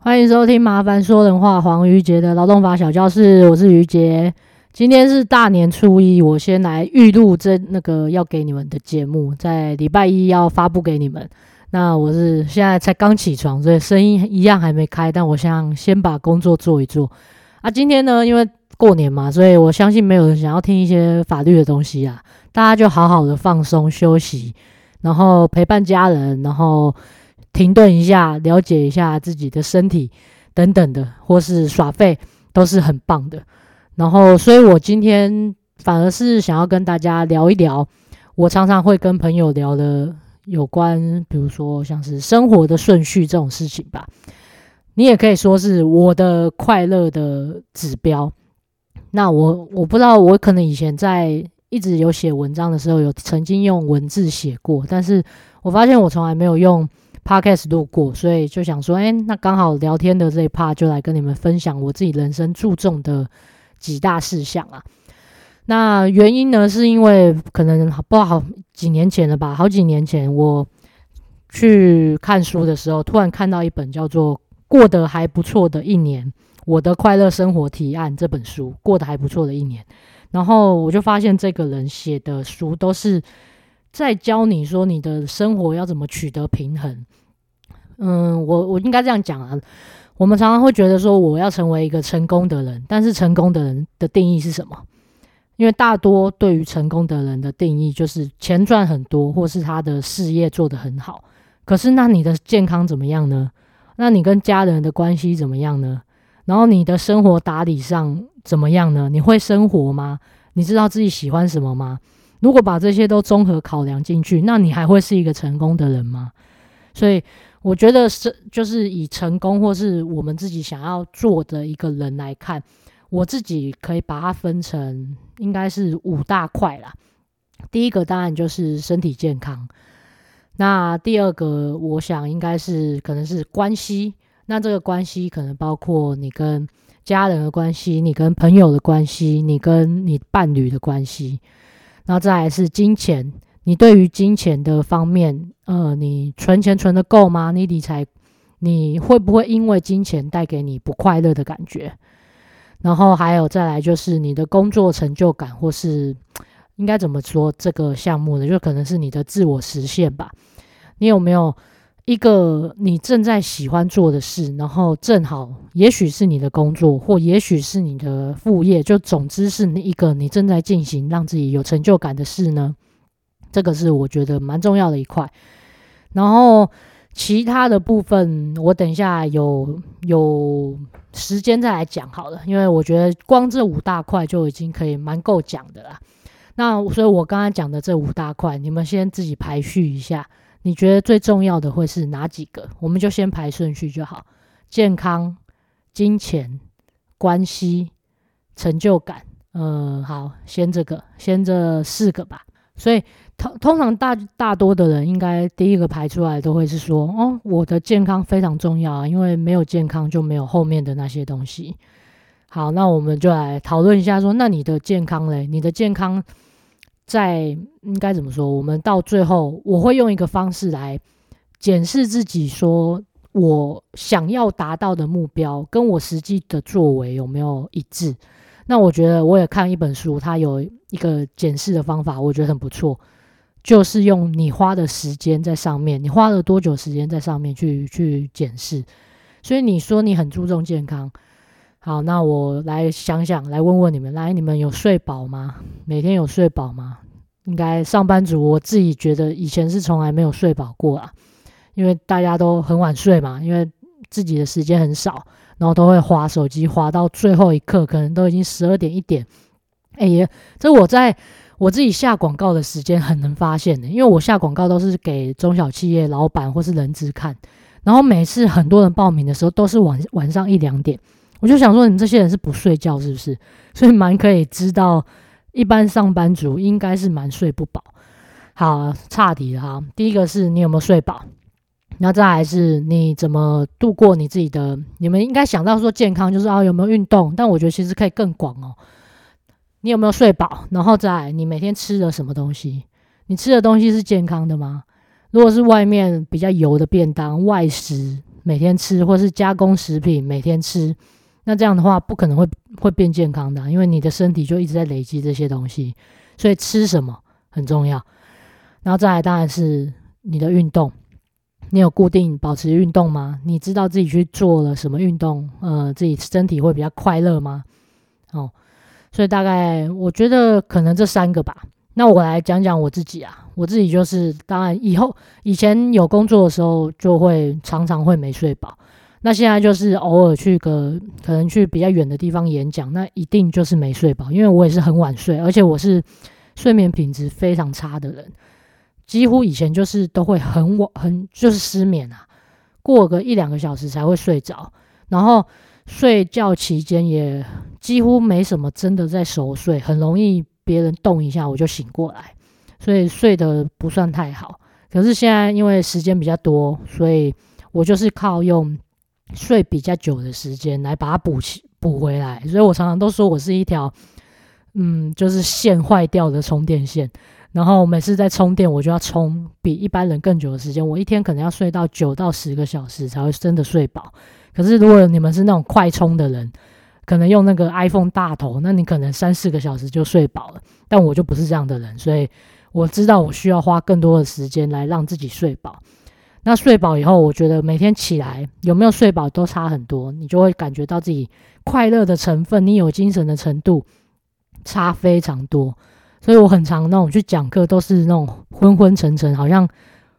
歡迎收聽《麻煩說人話》，黃瑜杰的勞動法小教室。我是瑜杰，今天是大年初一，我先來預錄這那個要給你們的節目，在禮拜一要發佈給你們。那我是現在才剛起床，所以聲音一樣還沒開，但我想先把工作做一做。啊，今天呢，因為過年嘛，所以我相信沒有人想要聽一些法律的東西啊，大家就好好的放鬆休息，然後陪伴家人，然後。停頓一下，了解一下自己的身體，等等的，或是耍廢，都是很棒的。然後，所以我今天反而是想要跟大家聊一聊，我常常會跟朋友聊的有關，比如說像是生活的順序這種事情吧。你也可以說是我的快樂的指標。那我我不知道，我可能以前在一直有寫文章的時候，有曾經用文字寫過，但是我發現我從來沒有用 Podcast 路過，所以就想說，哎、欸，那剛好聊天的這一 part 就來跟你們分享我自己人生注重的幾大事項啊。那原因呢，是因為可能不好幾年前了吧，好幾年前我去看書的時候，突然看到一本叫做《過得還不錯的一年：我的快樂生活提案》這本書，《過得還不錯的一年》，然後我就發現這個人寫的書都是。再教你說你的生活要怎麼取得平衡。嗯，我我應該這樣講啊。我們常常會覺得說，我要成為一個成功的人，但是成功的人的定義是什麼？因為大多對於成功的人的定義就是錢賺很多，或是他的事業做得很好。可是那你的健康怎麼樣呢？那你跟家人的關係怎麼樣呢？然後你的生活打理上怎麼樣呢？你會生活嗎？你知道自己喜歡什麼嗎？如果把這些都綜合考量進去，那你還會是一個成功的人嗎？所以我覺得是，就是以成功或是我們自己想要做的一個人來看，我自己可以把它分成應該是五大塊啦。第一個當然就是身體健康，那第二個我想應該是可能是關係，那這個關係可能包括你跟家人的關係、你跟朋友的關係、你跟你伴侶的關係。然後再來是金錢，你對於金錢的方面，呃，你存錢存得夠嗎？你理財，你會不會因為金錢帶給你不快樂的感覺？然後還有再來就是你的工作成就感，或是應該怎麼說這個項目呢，就可能是你的自我實現吧？你有沒有？一個你正在喜歡做的事，然後正好也許是你的工作，或也許是你的副業，就總之是你一個你正在進行讓自己有成就感的事呢，這個是我覺得蠻重要的一塊。然後其他的部分，我等一下有有時間再來講好了，因為我覺得光這五大塊就已經可以蠻夠講的了。那所以我剛剛講的這五大塊，你們先自己排序一下。你覺得最重要的會是哪幾個？我們就先排順序就好。健康、金錢、關係、成就感，嗯、呃，好，先這個，先這四個吧。所以通通常大大多的人應該第一個排出來都會是說，哦，我的健康非常重要啊，因為沒有健康就沒有後面的那些東西。好，那我們就來討論一下說，說那你的健康嘞？你的健康。在應該怎麼說？我們到最後，我會用一個方式來檢視自己，說我想要達到的目標跟我實際的作為有沒有一致。那我覺得我也看一本書，它有一個檢視的方法，我覺得很不錯，就是用你花的時間在上面，你花了多久時間在上面去去檢視。所以你說你很注重健康。好，那我來想想，來問問你們，來，你們有睡飽嗎？每天有睡飽嗎？應該上班族，我自己覺得以前是從來沒有睡飽過啊，因為大家都很晚睡嘛，因為自己的時間很少，然後都會滑手機滑到最後一刻，可能都已經十二點一點。哎呀，這我在我自己下廣告的時間很能發現的，因為我下廣告都是給中小企業老板或是人資看，然後每次很多人報名的時候都是晚晚上一兩點。我就想說，你這些人是不睡覺是不是？所以蠻可以知道，一般上班族應該是蠻睡不飽。好，岔題了哈。第一個是你有沒有睡飽，然後再來是你怎麼度過你自己的。你們應該想到說健康就是啊有沒有運動，但我覺得其實可以更廣哦。你有沒有睡飽？然後再來你每天吃的什麼東西？你吃的東西是健康的嗎？如果是外面比較油的便當、外食，每天吃，或是加工食品每天吃。那這樣的話，不可能會會變健康的啊，因為你的身體就一直在累積這些東西，所以吃什麼很重要。然後再來，當然是你的運動，你有固定保持運動嗎？你知道自己去做了什麼運動，呃，自己身體會比較快樂嗎？哦，所以大概我覺得可能這三個吧。那我來講講我自己啊，我自己就是當然，以後以前有工作的時候，就會常常會沒睡飽。那現在就是偶爾去個，可能去比較遠的地方演講，那一定就是沒睡飽，因為我也是很晚睡，而且我是睡眠品質非常差的人，幾乎以前就是都會很晚，很就是失眠啊，過個一兩個小時才會睡着，然後睡覺期間也幾乎沒什麼真的在熟睡，很容易別人動一下我就醒過來，所以睡得不算太好。可是現在因為時間比較多，所以我就是靠用。睡比較久的時間來把它補起，補回來，所以我常常都說我是一條，嗯，就是線壞掉的充電線。然後每次在充電，我就要充比一般人更久的時間。我一天可能要睡到九到十個小時才會真的睡飽。可是如果你們是那種快充的人，可能用那個 iPhone 大頭，那你可能三四個小時就睡飽了。但我就不是這樣的人，所以我知道我需要花更多的時間來讓自己睡飽。那睡飽以後，我覺得每天起來有沒有睡飽都差很多，你就會感覺到自己快樂的成分、你有精神的程度差非常多。所以我很常那種去講課，都是那種昏昏沉沉，好像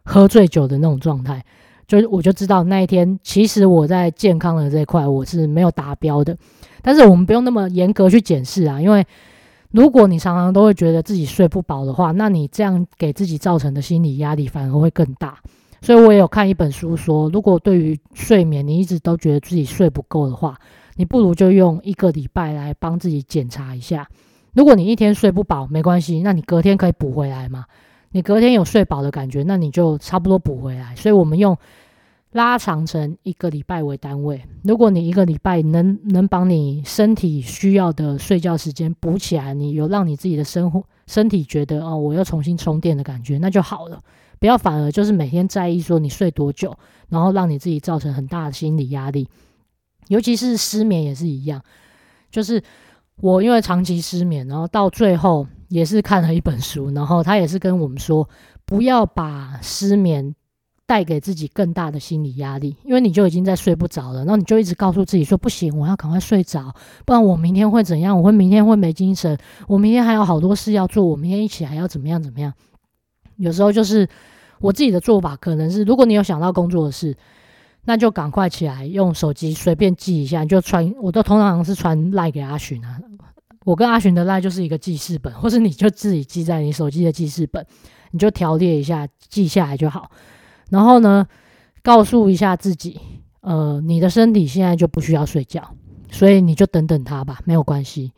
喝醉酒的那種狀態。就我就知道那一天，其實我在健康的這一塊我是沒有達標的。但是我們不用那麼嚴格去檢視啊，因為如果你常常都會覺得自己睡不飽的話，那你這樣給自己造成的心理壓力反而會更大。所以我也有看一本書說，說如果對於睡眠，你一直都覺得自己睡不夠的話，你不如就用一個禮拜來幫自己檢查一下。如果你一天睡不飽，沒關係，那你隔天可以補回來嘛。你隔天有睡飽的感覺，那你就差不多補回來。所以我們用拉長成一個禮拜為單位。如果你一個禮拜能能把你身體需要的睡覺時間補起來，你有讓你自己的生活身體覺得哦，我要重新充電的感覺，那就好了。不要，反而就是每天在意說你睡多久，然後讓你自己造成很大的心理壓力。尤其是失眠也是一樣，就是我因為長期失眠，然後到最後也是看了一本書，然後他也是跟我們說，不要把失眠帶給自己更大的心理壓力，因為你就已經在睡不着了，然後你就一直告訴自己說，不行，我要趕快睡着，不然我明天會怎樣？我會明天會沒精神，我明天還有好多事要做，我明天一起還要怎麼樣？怎麼樣？有時候就是我自己的做法，可能是如果你有想到工作的事，那就趕快起來，用手機隨便記一下，你就傳。我都通常是傳賴給阿尋啊。我跟阿尋的賴就是一個記事本，或是你就自己記在你手機的記事本，你就條列一下，記下來就好。然後呢，告訴一下自己，呃，你的身體現在就不需要睡覺，所以你就等等他吧，沒有關係，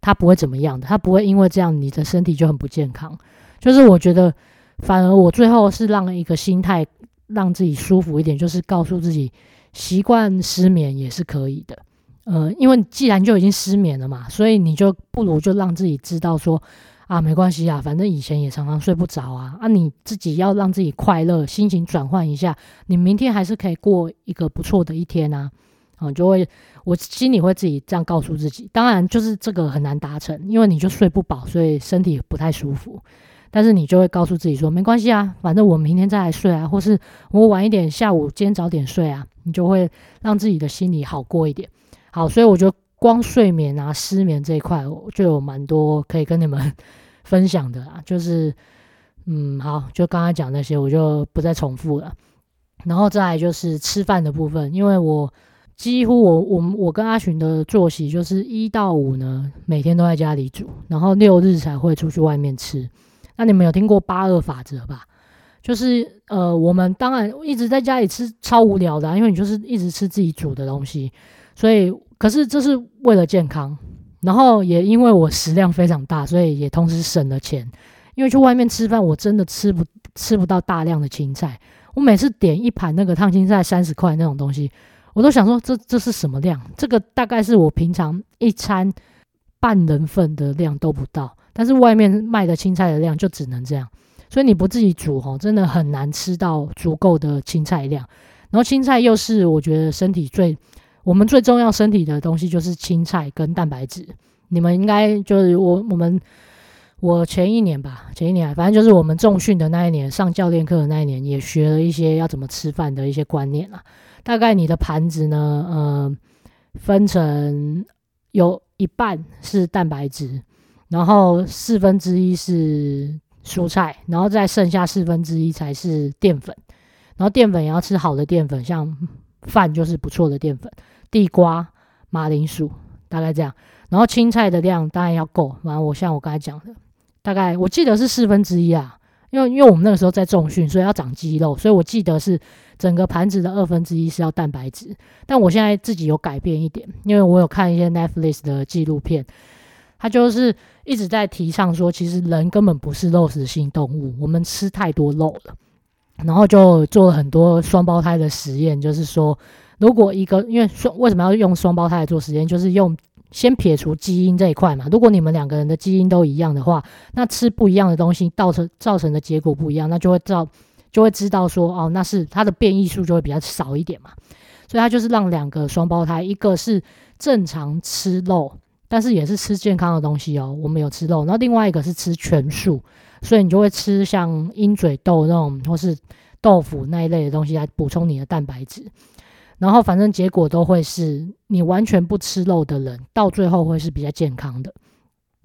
他不會怎麼樣的，他不會因為這樣你的身體就很不健康。就是我覺得。反而我最後是讓一個心態，讓自己舒服一點，就是告訴自己，習慣失眠也是可以的。呃，因為既然就已經失眠了嘛，所以你就不如就讓自己知道說，啊，沒關係啊，反正以前也常常睡不着啊。啊，你自己要讓自己快樂，心情轉換一下，你明天還是可以過一個不錯的一天啊。啊、嗯，就會我心裡會自己這樣告訴自己。當然，就是這個很難達成，因為你就睡不飽，所以身體不太舒服。但是你就會告訴自己說，沒關係啊，反正我明天再來睡啊，或是我晚一點，下午今天早點睡啊，你就會讓自己的心裡好過一點。好，所以我覺得光睡眠啊、失眠這一塊，我就有蠻多可以跟你們分享的啊。就是，嗯，好，就剛剛講那些，我就不再重複了。然後再來就是吃飯的部分，因為我幾乎我我我跟阿尋的作息就是一到五呢，每天都在家裡煮，然後六日才會出去外面吃。那你們有聽過八二法則吧？就是呃，我們當然一直在家裡吃超無聊的啊，因為你就是一直吃自己煮的東西，所以可是這是為了健康，然後也因為我食量非常大，所以也同時省了錢。因為去外面吃飯，我真的吃不吃不到大量的青菜。我每次點一盤那個燙青菜三十塊那種東西，我都想說這這是什麼量？這個大概是我平常一餐半人份的量都不到。但是外面賣的青菜的量就只能這樣，所以你不自己煮哦，真的很難吃到足夠的青菜量。然後青菜又是我覺得身體最我們最重要身體的東西就是青菜跟蛋白質。你們應該就是我我們我前一年吧，前一年反正就是我們重訓的那一年，上教練課的那一年也學了一些要怎麼吃飯的一些觀念啦、啊。大概你的盤子呢，嗯，分成有一半是蛋白質。然後四分之一是蔬菜，然後再剩下四分之一才是澱粉。然後澱粉也要吃好的澱粉，像飯就是不錯的澱粉，地瓜、馬鈴薯，大概這樣。然後青菜的量當然要夠。然後，我像我剛才講的，大概我記得是四分之一啊，因為因為我們那個時候在重訓，所以要長肌肉，所以我記得是整個盤子的二分之一是要蛋白質。但我現在自己有改變一點，因為我有看一些 Netflix 的紀錄片。他就是一直在提倡說，其實人根本不是肉食性動物，我們吃太多肉了，然後就做了很多雙胞胎的實驗，就是說，如果一個，因為雙為什麼要用雙胞胎來做實驗，就是用先撇除基因這一塊嘛，如果你們兩個人的基因都一樣的話，那吃不一樣的東西造成造成的結果不一樣，那就會造就會知道說，哦，那是它的變異數就會比較少一點嘛，所以他就是讓兩個雙胞胎，一個是正常吃肉。但是也是吃健康的東西哦，我們有吃肉，然後另外一個是吃全素，所以你就會吃像鷹嘴豆那種或是豆腐那一類的東西來補充你的蛋白質。然後反正結果都會是你完全不吃肉的人，到最後會是比較健康的。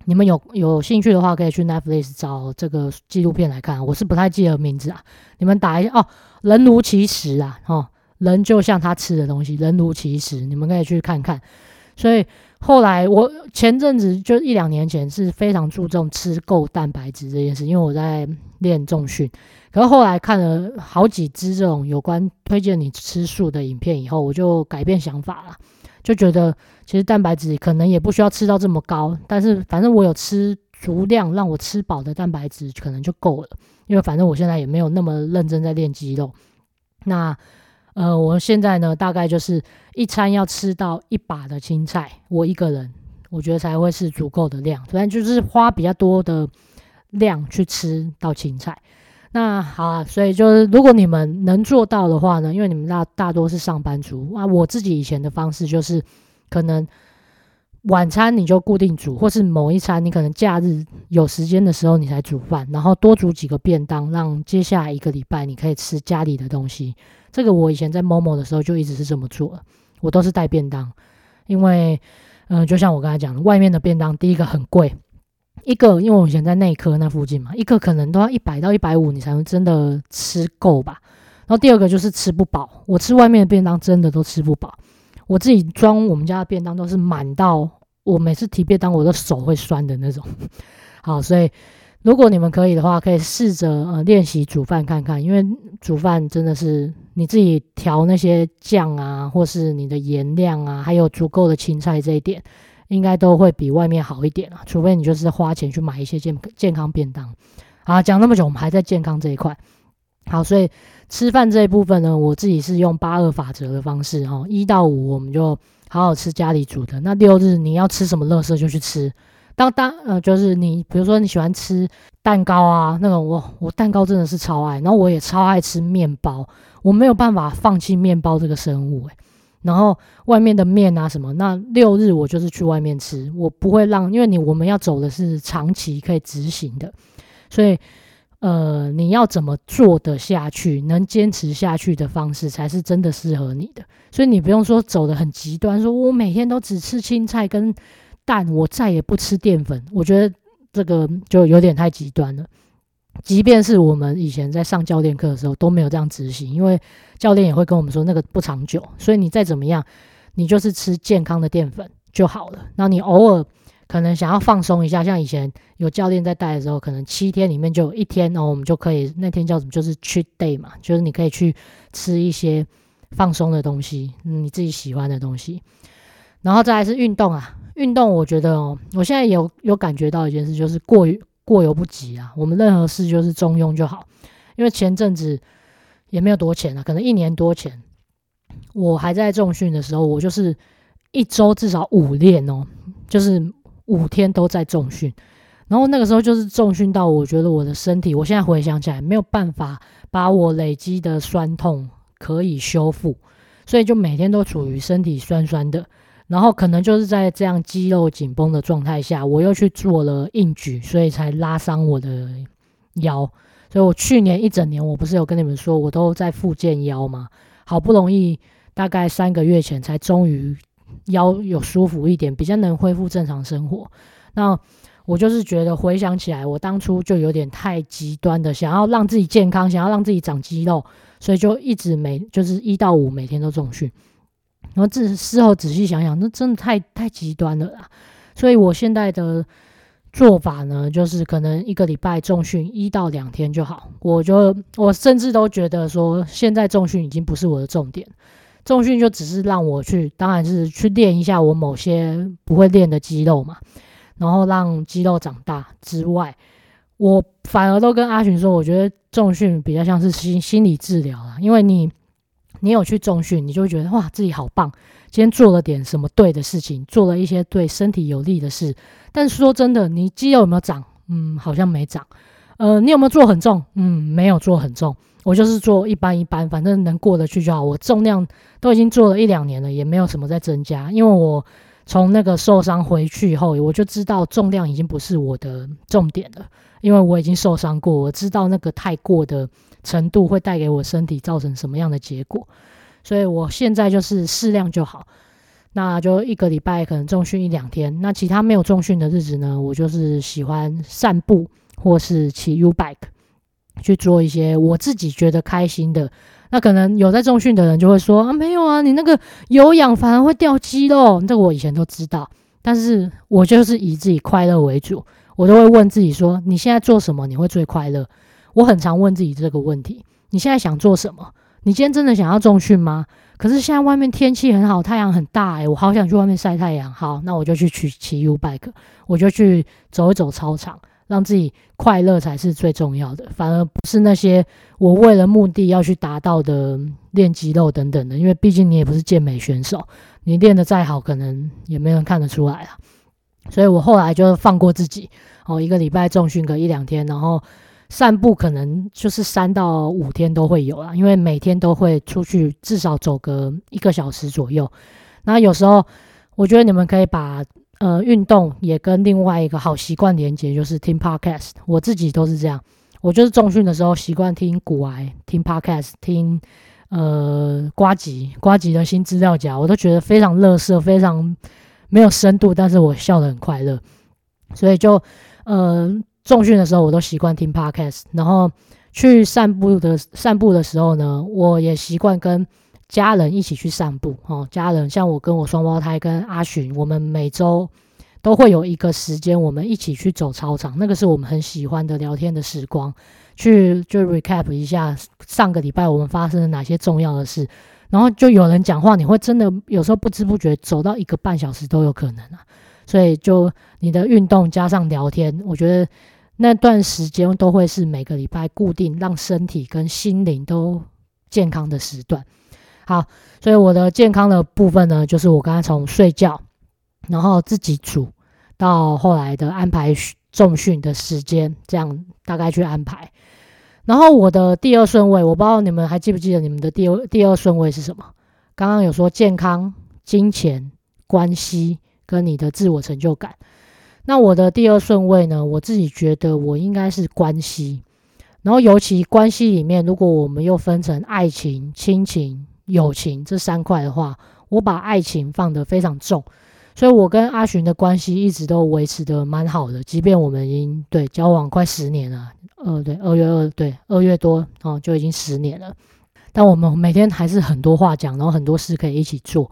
你們有有興趣的話，可以去 Netflix 找這個紀錄片來看，我是不太記得名字啊，你們打一下哦。人如其食啊，哦，人就像他吃的東西，人如其食，你們可以去看看。所以。後來我前陣子就一兩年前是非常注重吃夠蛋白質這件事，因為我在練重訓。可是後來看了好幾支這種有關推薦你吃素的影片以後，我就改變想法了，就覺得其實蛋白質可能也不需要吃到這麼高，但是反正我有吃足量讓我吃飽的蛋白質，可能就夠了。因為反正我現在也沒有那麼認真在練肌肉。那呃，我現在呢，大概就是一餐要吃到一把的青菜，我一個人，我覺得才會是足夠的量，不然就是花比較多的量去吃到青菜。那好啊，所以就是如果你們能做到的話呢，因為你們大大多是上班族啊，我自己以前的方式就是可能晚餐你就固定煮，或是某一餐你可能假日有時間的時候你才煮飯，然後多煮幾個便當，讓接下來一個禮拜你可以吃家裡的東西。這個我以前在 MOMO 的時候就一直是這麼做了，我都是帶便當，因為，嗯、呃，就像我剛才講的，外面的便當，第一個很貴，一個因為我以前在內科那附近嘛，一個可能都要一百到一百五，你才能真的吃夠吧。然後第二個就是吃不飽，我吃外面的便當真的都吃不飽，我自己裝我們家的便當都是滿到我每次提便當我的手會酸的那種。好，所以如果你們可以的話，可以試着呃練習煮飯看看，因為煮飯真的是。你自己調那些醬啊，或是你的鹽量啊，還有足夠的青菜，這一點應該都會比外面好一點啊，除非你就是花錢去買一些健健康便當，啊，講那麼久，我們還在健康這一塊。好，所以吃飯這一部分呢，我自己是用八二法則的方式哦、喔，一到五我們就好好吃家裡煮的，那六日你要吃什麼垃圾就去吃。當當呃，就是你，比如說你喜歡吃蛋糕啊，那種我我蛋糕真的是超愛，然後我也超愛吃麵包，我沒有辦法放棄麵包這個生物誒，然後外面的麵啊什麼，那六日我就是去外面吃，我不會讓，因為你我們要走的是長期可以執行的，所以呃，你要怎麼做得下去，能堅持下去的方式才是真的適合你的，所以你不用說走得很極端，說我每天都只吃青菜跟。但我再也不吃澱粉，我覺得這個就有點太極端了。即便是我們以前在上教練課的時候都沒有這樣執行，因為教練也會跟我們說那個不長久。所以你再怎麼樣，你就是吃健康的澱粉就好了。那你偶爾可能想要放鬆一下，像以前有教練在帶的時候，可能七天裡面就有一天，然後我們就可以那天叫什麼，就是 cheat day 嘛，就是你可以去吃一些放鬆的東西，你自己喜歡的東西。然後再來是運動啊。運動，我覺得哦，我現在有有感覺到一件事，就是過於過猶不及啊。我們任何事就是中庸就好。因為前陣子也沒有多前了，啊，可能一年多前，我還在重訓的時候，我就是一周至少五練哦，就是五天都在重訓。然後那個時候就是重訓到我覺得我的身體，我現在回想起來沒有辦法把我累積的酸痛可以修復，所以就每天都處於身體酸酸的。然後可能就是在這樣肌肉緊繃的狀態下，我又去做了硬舉，所以才拉傷我的腰。所以我去年一整年，我不是有跟你們說，我都在復健腰嗎？好不容易，大概三個月前才終於腰有舒服一點，比較能恢復正常生活。那我就是覺得回想起來，我當初就有點太極端的，想要讓自己健康，想要讓自己長肌肉，所以就一直每就是一到五每天都重訓。然後這事後仔細想想，那真的太太極端了啦。所以我現在的做法呢，就是可能一個禮拜重訓一到兩天就好。我就我甚至都覺得說，現在重訓已經不是我的重點，重訓就只是讓我去，當然是去練一下我某些不會練的肌肉嘛，然後讓肌肉長大之外，我反而都跟阿群說，我覺得重訓比較像是心心理治療啊，因為你。你有去重訓，你就會覺得哇，自己好棒！今天做了點什麼對的事情，做了一些對身體有利的事。但是說真的，你肌肉有沒有長？嗯，好像沒長。呃，你有沒有做很重？嗯，沒有做很重。我就是做一般一般，反正能過得去就好。我重量都已經做了一兩年了，也沒有什麼在增加。因為我從那個受傷回去以後，我就知道重量已經不是我的重點了，因為我已經受傷過，我知道那個太過的。程度會帶給我身體造成什麼樣的結果？所以我現在就是適量就好。那就一個禮拜可能重訓一兩天，那其他沒有重訓的日子呢，我就是喜歡散步或是騎 U bike 去做一些我自己覺得開心的。那可能有在重訓的人就會說啊，沒有啊，你那個有氧反而會掉肌肉。這我以前都知道，但是我就是以自己快樂為主。我都會問自己說，你現在做什麼你會最快樂？我很常問自己這個問題：你現在想做什麼？你今天真的想要重訓嗎？可是現在外面天氣很好，太陽很大，欸，哎，我好想去外面晒太陽。好，那我就去騎騎 U bike，我就去走一走操場，讓自己快樂才是最重要的。反而不是那些我為了目的要去達到的練肌肉等等的，因為畢竟你也不是健美選手，你練得再好，可能也沒人看得出來啊。所以我後來就放過自己，哦，一個禮拜重訓個一兩天，然後。散步可能就是三到五天都會有啦，因為每天都會出去，至少走個一個小時左右。那有時候我覺得你們可以把呃運動也跟另外一個好習慣連接，就是聽 podcast。我自己都是這樣，我就是重訓的時候習慣聽股癌、聽 podcast，聽呃呱吉呱吉的新資料夾，我都覺得非常樂色，非常沒有深度，但是我笑得很快樂，所以就呃。重訓的時候，我都習慣聽 Podcast，然後去散步的散步的時候呢，我也習慣跟家人一起去散步。哦，家人像我跟我雙胞胎跟阿尋，我們每周都會有一個時間，我們一起去走操場，那個是我們很喜歡的聊天的時光。去就 recap 一下上個禮拜我們發生了哪些重要的事，然後就有人講話，你會真的有時候不知不覺走到一個半小時都有可能啊。所以就你的運動加上聊天，我覺得。那段時間都會是每個禮拜固定讓身體跟心靈都健康的時段。好，所以我的健康的部分呢，就是我剛剛從睡覺，然後自己煮，到後來的安排重訓的時間，這樣大概去安排。然後我的第二順位，我不知道你們還記不記得你們的第二第二順位是什麼？剛剛有說健康、金錢、關係跟你的自我成就感。那我的第二順位呢？我自己覺得我應該是關係，然後尤其關係裡面，如果我們又分成愛情、親情、友情這三塊的話，我把愛情放得非常重，所以我跟阿尋的關係一直都維持得蠻好的，即便我們已經，對，交往快十年了，呃，對，二月二，對，二月多，哦，就已經十年了，但我們每天還是很多話講，然後很多事可以一起做，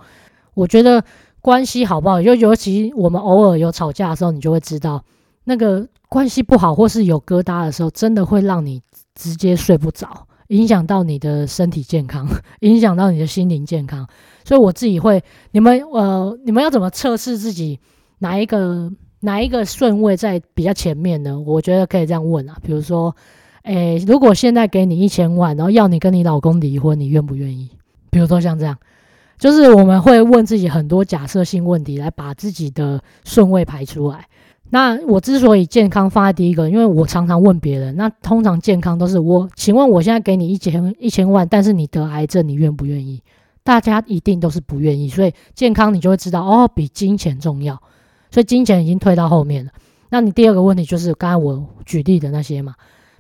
我覺得。關係好不好？就尤其我們偶爾有吵架的時候，你就會知道，那個關係不好或是有疙瘩的時候，真的會讓你直接睡不着，影響到你的身體健康，影響到你的心靈健康。所以我自己會，你們呃，你們要怎麼測試自己哪一個哪一個順位在比較前面呢？我覺得可以這樣問啊，比如說，誒，如果現在給你一千萬，然後要你跟你老公離婚，你願不願意？比如說像這樣。就是我們會問自己很多假設性問題，來把自己的順位排出來。那我之所以健康放在第一個，因為我常常問別人，那通常健康都是我，請問我現在給你一千一千萬，但是你得癌症，你願不願意？大家一定都是不願意，所以健康你就會知道哦，比金錢重要，所以金錢已經退到後面了。那你第二個問題就是剛才我舉例的那些嘛，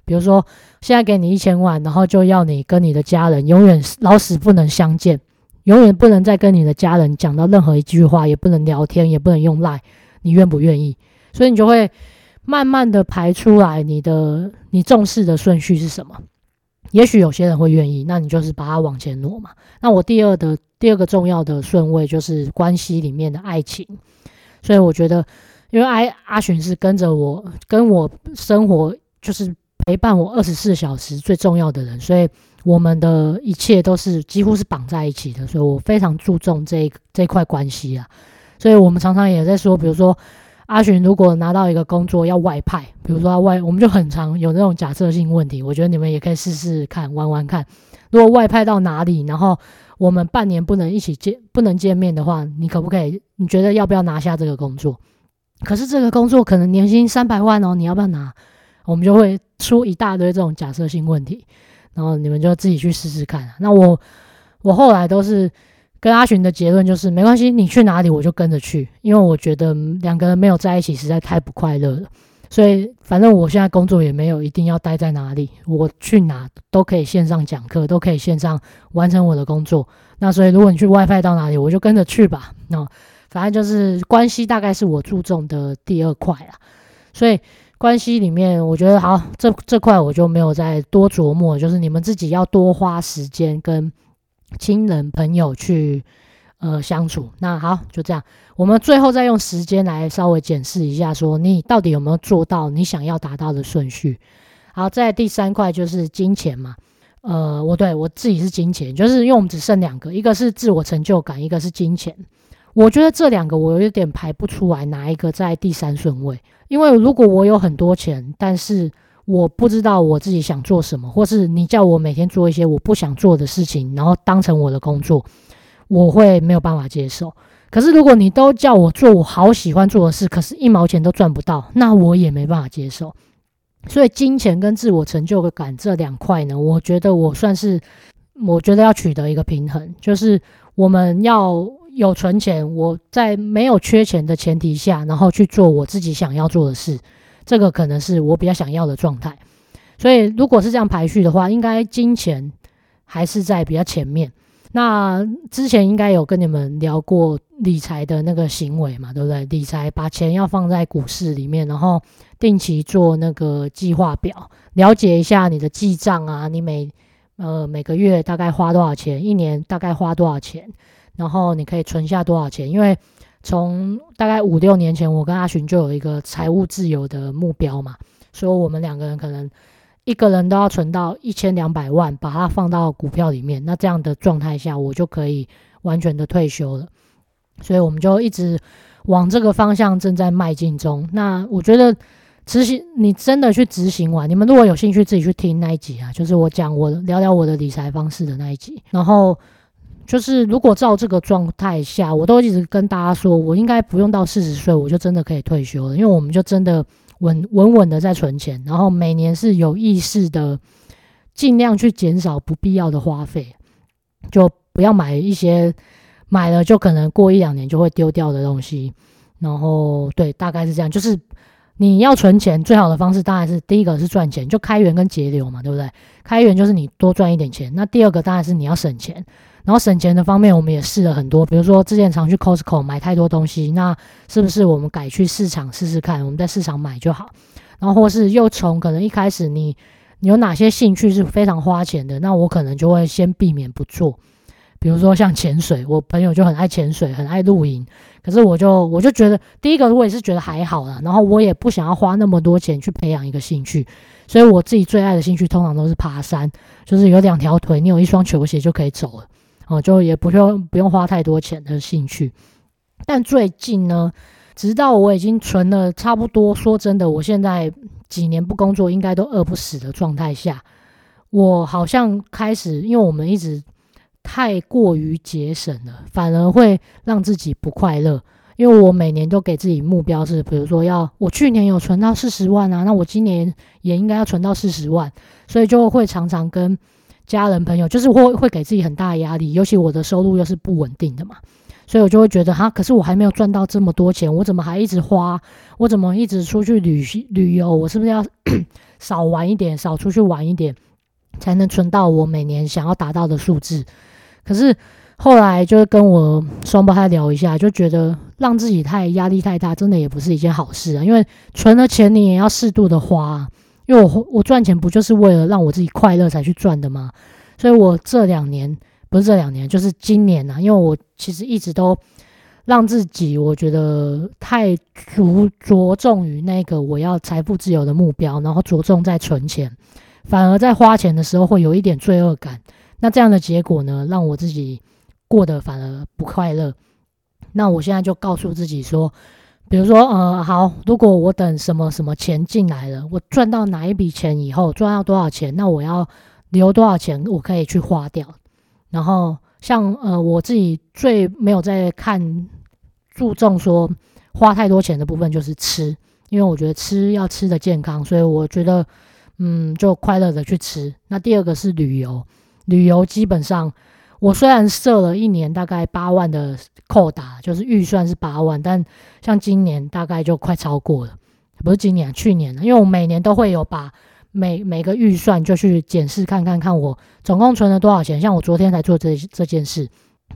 比如說現在給你一千萬，然後就要你跟你的家人永遠老死不能相見。永遠不能再跟你的家人講到任何一句話，也不能聊天，也不能用賴，你願不願意？所以你就會慢慢的排出來，你的你重視的順序是什麼？也許有些人會願意，那你就是把它往前挪嘛。那我第二的第二個重要的順位就是關係裡面的愛情，所以我覺得，因為阿阿尋是跟着我，跟我生活就是陪伴我二十四小時最重要的人，所以。我們的一切都是幾乎是綁在一起的，所以我非常注重這一這一塊關係啊。所以我們常常也在說，比如說阿尋如果拿到一個工作要外派，比如說外，我們就很常有那種假設性問題。我覺得你們也可以試試看，玩玩看。如果外派到哪裡，然後我們半年不能一起見，不能見面的話，你可不可以？你覺得要不要拿下這個工作？可是這個工作可能年薪三百萬哦，你要不要拿？我們就會出一大堆這種假設性問題。然後你們就自己去試試看啊。那我我後來都是跟阿尋的結論就是，沒關係，你去哪裡我就跟着去，因為我覺得兩個人沒有在一起實在太不快樂了。所以反正我現在工作也沒有一定要待在哪裡，我去哪都可以線上講課，都可以線上完成我的工作。那所以如果你去 WiFi 到哪裡，我就跟着去吧。那反正就是關係大概是我注重的第二塊啦。所以。關係裡面，我覺得好，這這塊我就沒有再多琢磨，就是你們自己要多花時間跟親人朋友去呃相處。那好，就這樣，我們最後再用時間來稍微檢視一下說，說你到底有沒有做到你想要達到的順序？好，在第三塊就是金錢嘛，呃，我對我自己是金錢，就是因為我們只剩兩個，一個是自我成就感，一個是金錢。我覺得這兩個我有點排不出來，哪一個在第三順位？因為如果我有很多錢，但是我不知道我自己想做什麼，或是你叫我每天做一些我不想做的事情，然後當成我的工作，我會沒有辦法接受。可是如果你都叫我做我好喜歡做的事，可是一毛錢都賺不到，那我也沒辦法接受。所以金錢跟自我成就感這兩塊呢，我覺得我算是我覺得要取得一個平衡，就是我們要。有存錢，我在沒有缺錢的前提下，然後去做我自己想要做的事，這個可能是我比較想要的狀態。所以，如果是這樣排序的話，應該金錢還是在比較前面。那之前應該有跟你們聊過理財的那個行為嘛，對不對？理財把錢要放在股市裡面，然後定期做那個計劃表，了解一下你的記賬啊，你每，呃，每個月大概花多少錢，一年大概花多少錢。然後你可以存下多少錢？因為從大概五六年前，我跟阿尋就有一個財務自由的目標嘛，所以我們兩個人可能一個人都要存到一千兩百萬，把它放到股票裡面。那這樣的狀態下，我就可以完全的退休了。所以我們就一直往這個方向正在邁進中。那我覺得執行你真的去執行完，你們如果有興趣，自己去聽那一集啊，就是我講我聊聊我的理財方式的那一集，然後。就是如果照這個狀態下，我都一直跟大家說，我應該不用到四十歲，我就真的可以退休了。因為我們就真的穩穩穩的在存錢，然後每年是有意識的儘量去減少不必要的花費，就不要買一些買了就可能過一兩年就會丟掉的東西。然後對，大概是這樣。就是你要存錢，最好的方式當然是第一個是賺錢，就開源跟節流嘛，對不對？開源就是你多賺一點錢，那第二個當然是你要省錢。然後省錢的方面，我們也試了很多，比如說之前常去 Costco 買太多東西，那是不是我們改去市場試試看？我們在市場買就好。然後或是又從可能一開始你你有哪些興趣是非常花錢的，那我可能就會先避免不做。比如說像潛水，我朋友就很愛潛水，很愛露營，可是我就我就覺得，第一個我也是覺得還好啦，然後我也不想要花那麼多錢去培養一個興趣，所以我自己最愛的興趣通常都是爬山，就是有兩條腿，你有一雙球鞋就可以走了。啊、嗯，就也不用不用花太多錢的興趣，但最近呢，直到我已經存了差不多，說真的，我現在幾年不工作應該都餓不死的狀態下，我好像開始，因為我們一直太過於節省了，反而會讓自己不快樂。因為我每年都給自己目標是，比如說要我去年有存到四十萬啊，那我今年也應該要存到四十萬，所以就會常常跟。家人朋友就是會會給自己很大的壓力，尤其我的收入又是不穩定的嘛，所以我就會覺得哈，可是我還沒有賺到這麼多錢，我怎麼還一直花？我怎麼一直出去旅行旅遊？我是不是要 少玩一點，少出去玩一點，才能存到我每年想要達到的數字？可是後來就是跟我雙胞胎聊一下，就覺得讓自己太壓力太大，真的也不是一件好事啊，因為存了錢你也要適度的花。因為我我賺錢不就是為了讓我自己快樂才去賺的嗎？所以我這兩年，不是這兩年，就是今年啊。因為我其實一直都讓自己，我覺得太着着重於那個我要財富自由的目標，然後着重在存錢，反而在花錢的時候會有一點罪惡感。那這樣的結果呢，讓我自己過得反而不快樂。那我現在就告訴自己說。比如說，呃，好，如果我等什麼什麼錢進來了，我賺到哪一筆錢以後賺到多少錢，那我要留多少錢，我可以去花掉。然後像呃，我自己最沒有在看注重說花太多錢的部分就是吃，因為我覺得吃要吃的健康，所以我覺得嗯，就快樂的去吃。那第二個是旅遊，旅遊基本上。我雖然設了一年大概八萬的扣打，就是預算是八萬，但像今年大概就快超過了，不是今年，去年了。因為我每年都會有把每每個預算就去檢視看看看我總共存了多少錢。像我昨天才做這這件事，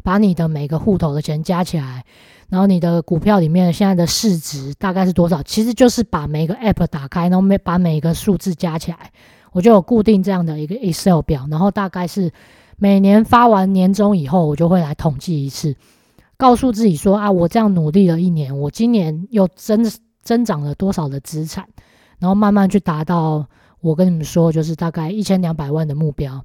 把你的每個戶頭的錢加起來，然後你的股票裡面現在的市值大概是多少，其實就是把每個 App 打開，然後每把每一個數字加起來，我就有固定這樣的一個 Excel 表，然後大概是。每年發完年終以後，我就會來統計一次，告訴自己說啊，我這樣努力了一年，我今年又增增長了多少的資產，然後慢慢去達到我跟你們說就是大概一千兩百萬的目標，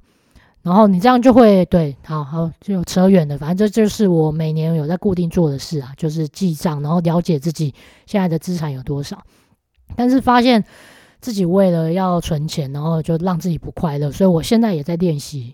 然後你這樣就會對。好，好就扯遠了，反正這就是我每年有在固定做的事啊，就是記賬，然後了解自己現在的資產有多少，但是發現自己為了要存錢，然後就讓自己不快樂，所以我現在也在練習。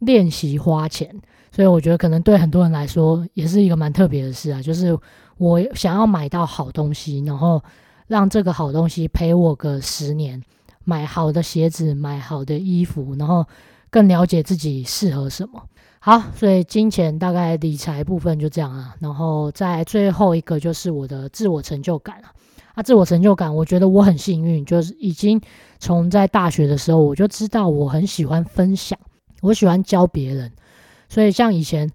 練習花錢，所以我覺得可能對很多人來說也是一個蠻特別的事啊。就是我想要買到好東西，然後讓這個好東西陪我個十年。買好的鞋子，買好的衣服，然後更了解自己適合什麼。好，所以金錢大概理財部分就這樣啊。然後再最後一個就是我的自我成就感啊。啊，自我成就感，我覺得我很幸運，就是已經從在大學的時候我就知道我很喜歡分享。我喜歡教別人，所以像以前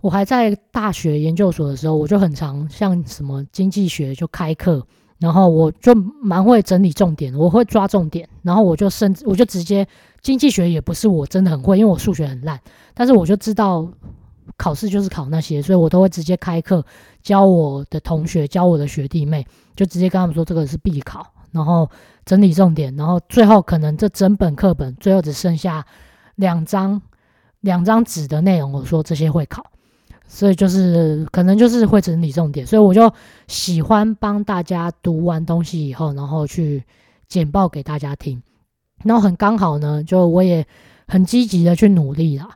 我還在大學研究所的時候，我就很常像什麼經濟學就開課，然後我就蠻會整理重點，我會抓重點，然後我就甚至我就直接經濟學也不是我真的很會，因為我數學很爛，但是我就知道考試就是考那些，所以我都會直接開課教我的同學，教我的學弟妹，就直接跟他們說這個是必考，然後整理重點，然後最後可能這整本課本最後只剩下。兩張，兩張紙的內容，我說這些會考，所以就是可能就是會整理重點，所以我就喜歡幫大家讀完東西以後，然後去簡報給大家聽。然後很剛好呢，就我也很積極的去努力啦，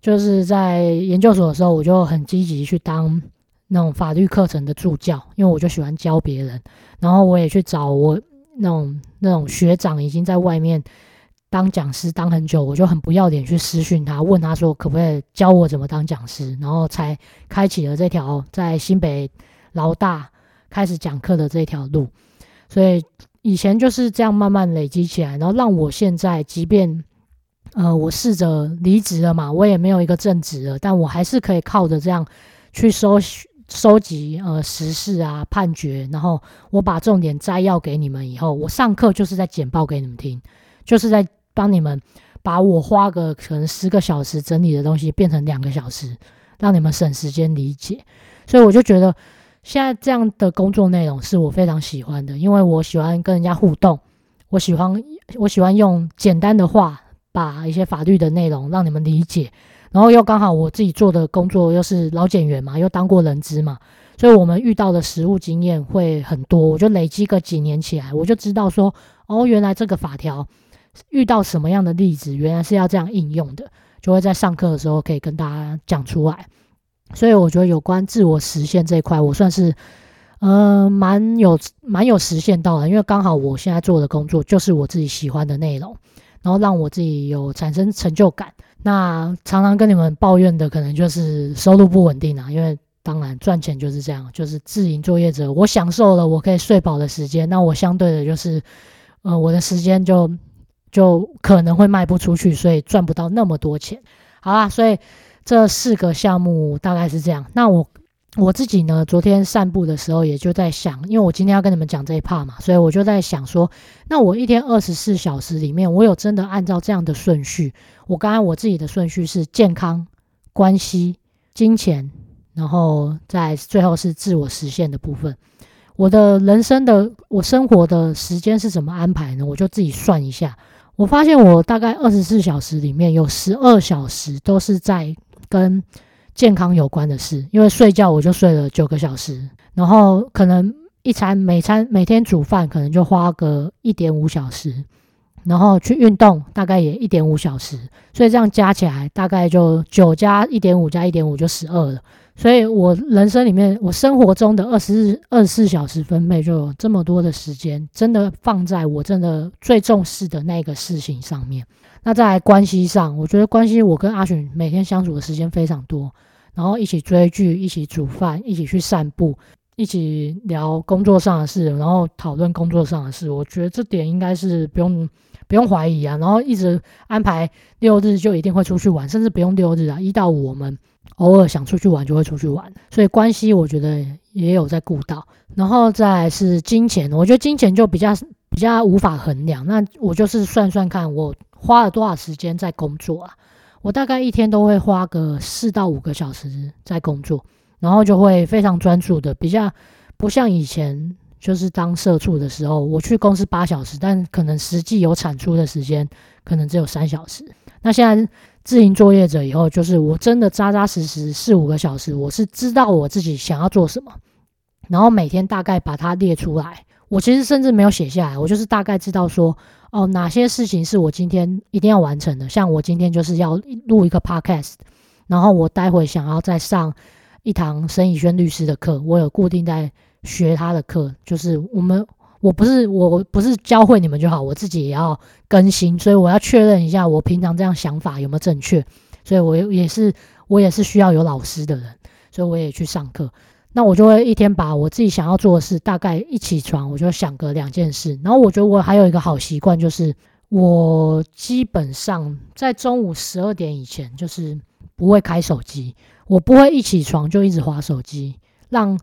就是在研究所的時候，我就很積極去當那種法律課程的助教，因為我就喜歡教別人，然後我也去找我那種那種學長已經在外面，當講師當很久，我就很不要臉去私訊他，問他說可不可以教我怎麼當講師，然後才開啟了這條在新北勞大開始講課的這條路。所以以前就是這樣慢慢累積起來，然後讓我現在，即便呃我試着離職了嘛，我也沒有一個正職了，但我還是可以靠着這樣去收收集呃時事啊判決，然後我把重點摘要給你們以後，我上課就是在簡報給你們聽，就是在。幫你們把我花個可能十個小時整理的東西變成兩個小時，讓你們省時間理解。所以我就覺得現在這樣的工作內容是我非常喜歡的，因為我喜歡跟人家互動，我喜歡我喜歡用簡單的話把一些法律的內容讓你們理解。然後又剛好我自己做的工作又是勞檢員嘛，又當過人資嘛，所以我們遇到的實務經驗會很多。我就累積個幾年起來，我就知道說哦，原來這個法條。遇到什麼樣的例子，原來是要這樣應用的，就會在上課的時候可以跟大家講出來。所以我覺得有關自我實現這一塊，我算是嗯、呃，蠻有蠻有實現到的，因為剛好我現在做的工作就是我自己喜歡的內容，然後讓我自己有產生成就感。那常常跟你們抱怨的可能就是收入不穩定啊，因為當然賺錢就是這樣，就是自營作業者，我享受了我可以睡飽的時間，那我相對的就是呃我的時間就。就可能會賣不出去，所以賺不到那麼多錢，好啦。所以這四個項目大概是這樣。那我我自己呢？昨天散步的時候也就在想，因為我今天要跟你們講這一趴嘛，所以我就在想說，那我一天二十四小時裡面，我有真的按照這樣的順序？我剛剛我自己的順序是健康、關係、金錢，然後在最後是自我實現的部分。我的人生的我生活的時間是怎麼安排呢？我就自己算一下。我發現我大概二十四小時裡面有十二小時都是在跟健康有關的事，因為睡覺我就睡了九個小時，然後可能一餐每餐每天煮飯可能就花個一點五小時，然後去運動大概也一點五小時，所以這樣加起來大概就九加一點五加一點五就十二了。所以，我人生裡面，我生活中的二十日、二十四小時分配就有這麼多的時間，真的放在我真的最重視的那個事情上面。那在關係上，我覺得關係，我跟阿選每天相處的時間非常多，然後一起追劇，一起煮飯，一起去散步，一起聊工作上的事，然後討論工作上的事。我覺得這點應該是不用不用懷疑啊。然後一直安排六日就一定會出去玩，甚至不用六日啊，一到五我們。偶爾想出去玩就會出去玩，所以關係我覺得也有在顧到。然後再來是金錢，我覺得金錢就比較比較無法衡量。那我就是算算看，我花了多少時間在工作啊？我大概一天都會花個四到五個小時在工作，然後就會非常專注的，比較不像以前就是當社畜的時候，我去公司八小時，但可能實際有產出的時間可能只有三小時。那現在。自營作業者以後就是，我真的扎扎實實四五個小時，我是知道我自己想要做什麼，然後每天大概把它列出來。我其實甚至沒有寫下來，我就是大概知道說，哦，哪些事情是我今天一定要完成的。像我今天就是要錄一個 podcast，然後我待會想要再上一堂沈以軒律師的課，我有固定在學他的課，就是我們。我不是我，我不是教會你們就好，我自己也要更新，所以我要確認一下我平常這樣想法有沒有正確，所以我也是我也是需要有老師的人，所以我也去上課。那我就會一天把我自己想要做的事，大概一起床我就想個兩件事。然後我覺得我還有一個好習慣，就是我基本上在中午十二點以前就是不會開手機，我不會一起床就一直滑手機，讓。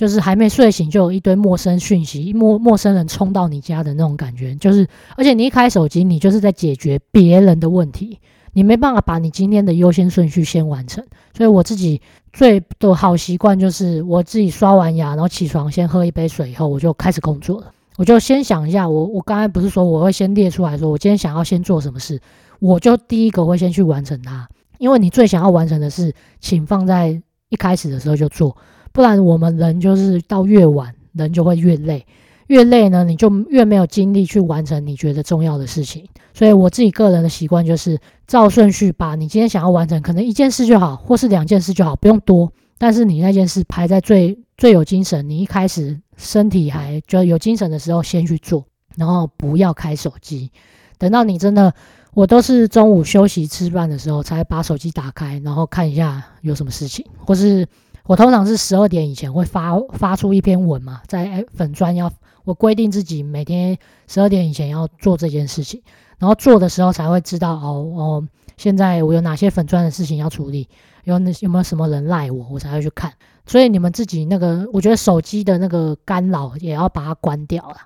就是還沒睡醒，就有一堆陌生訊息，陌陌生人衝到你家的那種感覺。就是，而且你一開手機，你就是在解決別人的問題，你沒辦法把你今天的優先順序先完成。所以我自己最的好習慣就是，我自己刷完牙，然後起床先喝一杯水以後，我就開始工作了。我就先想一下，我我剛才不是說我會先列出來說，我今天想要先做什麼事，我就第一個會先去完成它，因為你最想要完成的事情放在一開始的時候就做。不然我們人就是到越晚，人就會越累，越累呢，你就越沒有精力去完成你覺得重要的事情。所以我自己個人的習慣就是，照順序把你今天想要完成，可能一件事就好，或是兩件事就好，不用多。但是你那件事排在最最有精神，你一開始身體還就有精神的時候，先去做，然後不要開手機。等到你真的，我都是中午休息吃飯的時候才把手機打開，然後看一下有什麼事情，或是。我通常是十二點以前會發發出一篇文嘛，在粉專要我規定自己每天十二點以前要做這件事情，然後做的時候才會知道哦哦，現在我有哪些粉專的事情要處理，有那有沒有什麼人賴我，我才會去看。所以你們自己那個，我覺得手機的那個干擾也要把它關掉了。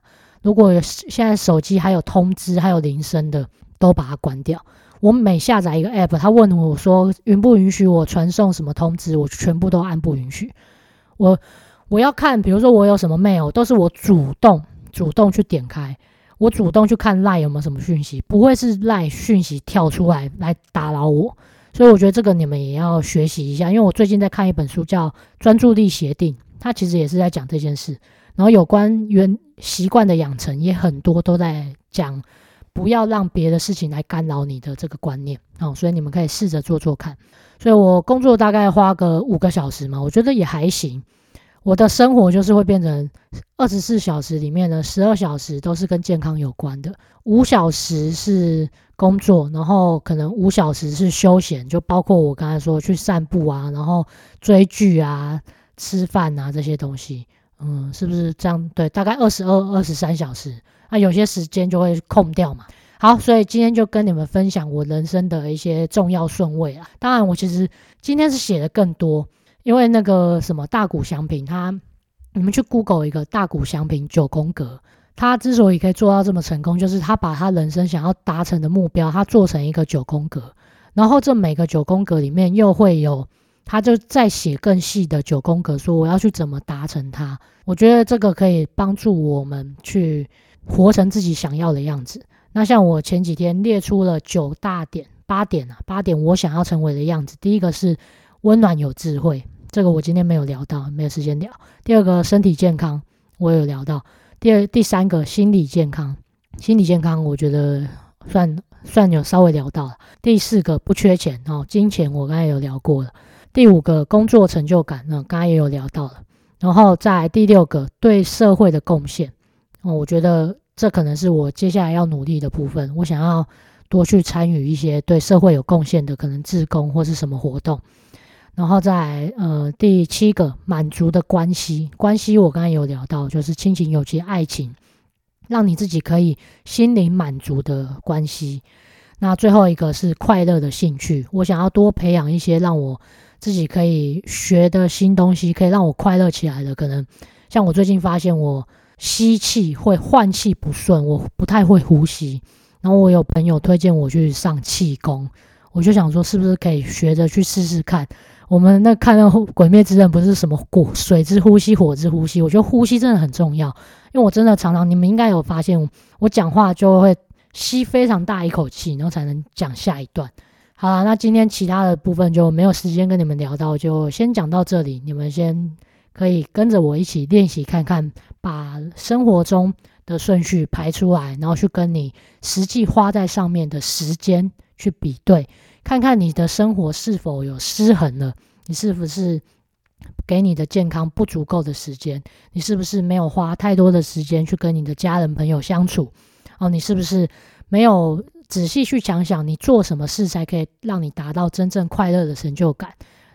如果有現在手機還有通知、還有鈴聲的，都把它關掉。我每下載一個 app，他問我說，說允不允許我傳送什麼通知？我全部都按不允許。我我要看，比如說我有什麼 mail，都是我主動主動去點開，我主動去看 line 有沒有什麼訊息，不會是 line 訊息跳出來來打擾我。所以我覺得這個你們也要學習一下，因為我最近在看一本書叫《專注力協定》，它其實也是在講這件事，然後有關原習慣的養成也很多都在講。不要讓別的事情來干擾你的這個觀念啊，哦，所以你們可以試着做做看。所以我工作大概花個五個小時嘛，我覺得也還行。我的生活就是會變成二十四小時裡面的十二小時都是跟健康有關的，五小時是工作，然後可能五小時是休閒，就包括我剛才說去散步啊，然後追劇啊、吃飯啊這些東西，嗯，是不是這樣？對，大概二十二、二十三小時。那、啊、有些時間就會空掉嘛。好，所以今天就跟你們分享我人生的一些重要順位啦。當然，我其實今天是寫的更多，因為那個什麼大谷翔平，他你們去 Google 一個大谷翔平九宮格，他之所以可以做到這麼成功，就是他把他人生想要達成的目標，他做成一個九宮格，然後這每個九宮格裡面又會有他就再寫更細的九宮格，說我要去怎麼達成它。我覺得這個可以幫助我們去。活成自己想要的樣子。那像我前幾天列出了九大點、八點啊，八點我想要成為的樣子。第一個是溫暖有智慧，這個我今天沒有聊到，沒有時間聊。第二個身體健康，我也有聊到。第二、第三個心理健康，心理健康我覺得算算有稍微聊到了。第四個不缺錢哦，金錢我剛才有聊過了。第五個工作成就感呢，哦，剛才也有聊到了。然後再第六個對社會的貢獻。哦、嗯，我覺得這可能是我接下來要努力的部分。我想要多去參與一些對社會有貢獻的，可能志工或是什麼活動。然後在呃，第七個滿足的關係，關係我剛才有聊到，就是親情、友情、愛情，讓你自己可以心靈滿足的關係。那最後一個是快樂的興趣，我想要多培養一些讓我自己可以學的新東西，可以讓我快樂起來的。可能像我最近發現我。吸氣會換氣不順，我不太會呼吸。然後我有朋友推薦我去上氣功，我就想說是不是可以學着去試試看。我們那看到《鬼滅之刃》不是什麼果“果水之呼吸，火之呼吸”，我覺得呼吸真的很重要。因為我真的常常，你們應該有發現，我講話就會吸非常大一口氣，然後才能講下一段。好啦，那今天其他的部分就沒有時間跟你們聊到，就先講到這裡。你們先。可以跟着我一起練習看看，把生活中的順序排出來，然後去跟你實際花在上面的時間去比對，看看你的生活是否有失衡了。你是不是給你的健康不足夠的時間？你是不是沒有花太多的時間去跟你的家人朋友相處？哦，你是不是沒有仔細去想想，你做什麼事才可以讓你達到真正快樂的成就感？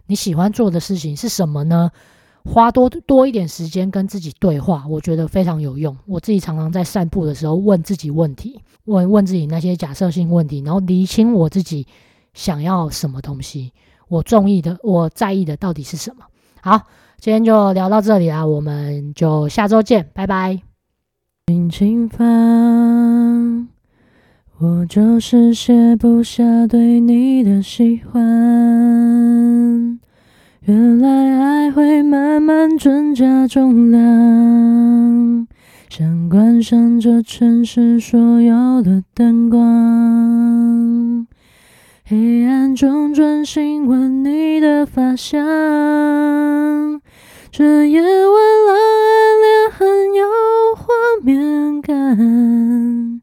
你喜歡做的事情是什麼呢？花多多一點時間跟自己對話，我覺得非常有用。我自己常常在散步的時候問自己問題，問問自己那些假設性問題，然後理清我自己想要什麼東西，我中意的、我在意的到底是什麼。好，今天就聊到這裡啦，我們就下周見，拜拜。輕輕放，我就是卸不下對你的喜歡。原來愛會慢慢增加重量，想關上這城市所有的燈光，黑暗中專心聞你的髮香，這夜晚浪漫很有畫面感，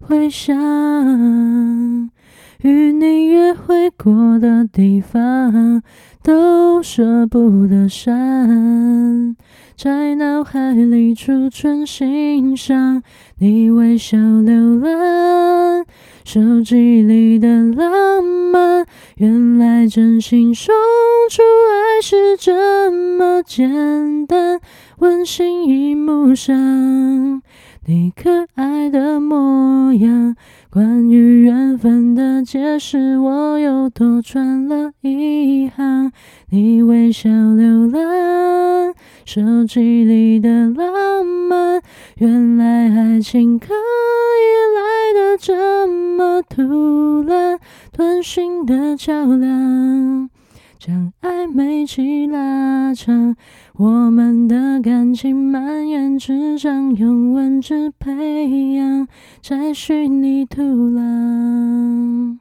回想。與你約會過的地方，都捨不得刪，在腦海裡儲存欣賞你微笑瀏覽手機裡的浪漫，原來真心送出愛是這麼簡單，溫習螢幕上。你可愛的模樣，關於緣分的解釋，我又多傳了一行。你微笑瀏覽手機裡的浪漫，原來愛情可以來得這麼突然。短訊的橋梁。將曖昧期拉長，我們的感情蔓延滋長，用文字培養，在虛擬土壤。